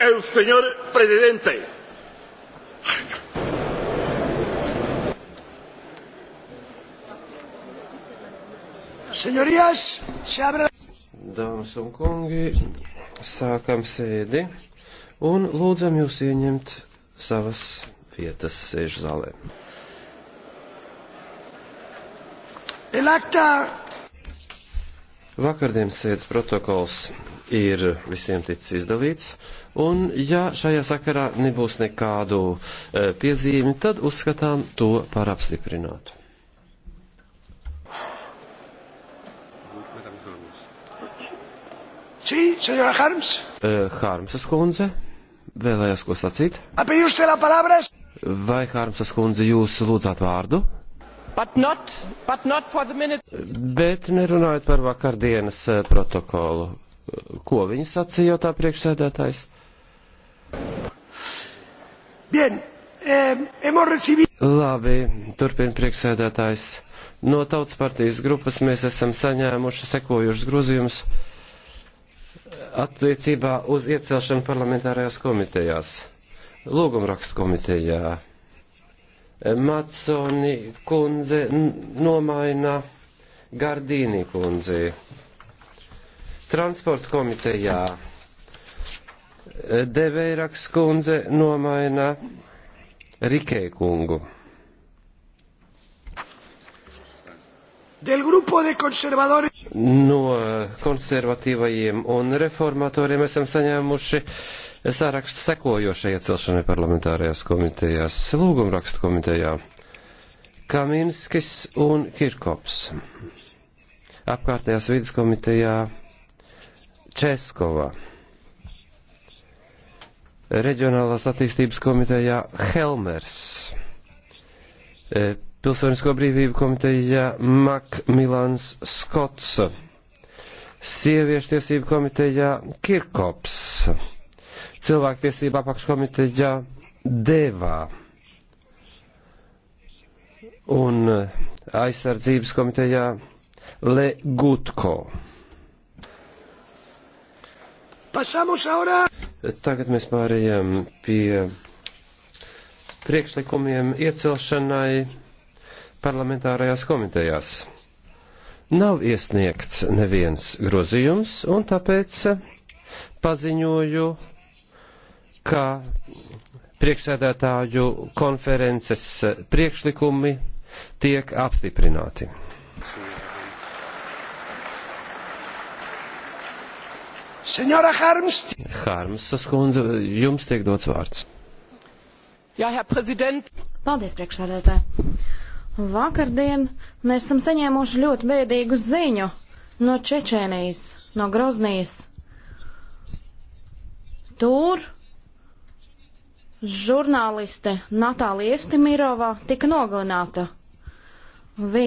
El señor presidente. Ay, no. Señorías, se abre. Dāmas un kungi, sākam sēdi un lūdzam jūs ieņemt savas vietas sēžu zālē. El acta Vakardienas sēdes protokols ir visiem ticis izdalīts, un ja šajā sakarā nebūs nekādu e, piezīmi, tad uzskatām to par apstiprinātu. Sí, señora Harms. E, Harmsas kundze, vēlējās ko sacīt? Vai Harmsas kundze jūs lūdzāt vārdu? Not, not Bet nerunājot par vakardienas eh, protokolu. Ko viņi sacīja, tā priekšsēdētājs? Bien, eh, recibi... Labi, turpina priekšsēdētājs. No tautas partijas grupas mēs esam saņēmuši sekojušas grozījumus attiecībā uz iecelšanu parlamentārajās komitejās. Lūgumrakstu komitejā. Maconi kundze nomaina Gardīni kundzi. Transporta komitejā Deveiraks kundze nomaina Rikē kungu. Del grupo de conservadores no konservatīvajiem un reformatoriem esam saņēmuši sārakstu sekojošai iecelšanai parlamentārajās komitejās, lūgumrakstu komitejā. Kaminskis un Kirkops. Apkārtējās vidas komitejā Českova. Reģionālās attīstības komitejā Helmers. E, Pilsonisko brīvību komiteja Makmilans Skots, Sieviešu tiesību komiteja Kirkops, Cilvēktiesība apakškomiteja Devā un aizsardzības komitejā Legutko. Tagad mēs pārējām pie priekšlikumiem iecelšanai parlamentārajās komitejās. Nav iesniegts neviens grozījums, un tāpēc paziņoju, ka priekšsēdētāju konferences priekšlikumi tiek apstiprināti. Senora Harms. Harmsas kundze, jums tiek dots vārds. Jā, ja, Herr Prezident. Paldies, priekšsēdētāji. Vakardien mēs esam saņēmuši ļoti bēdīgu ziņu no Čečēnijas, no Groznijas. Tur žurnāliste Natālija Estimirova tika nogalināta. Viņa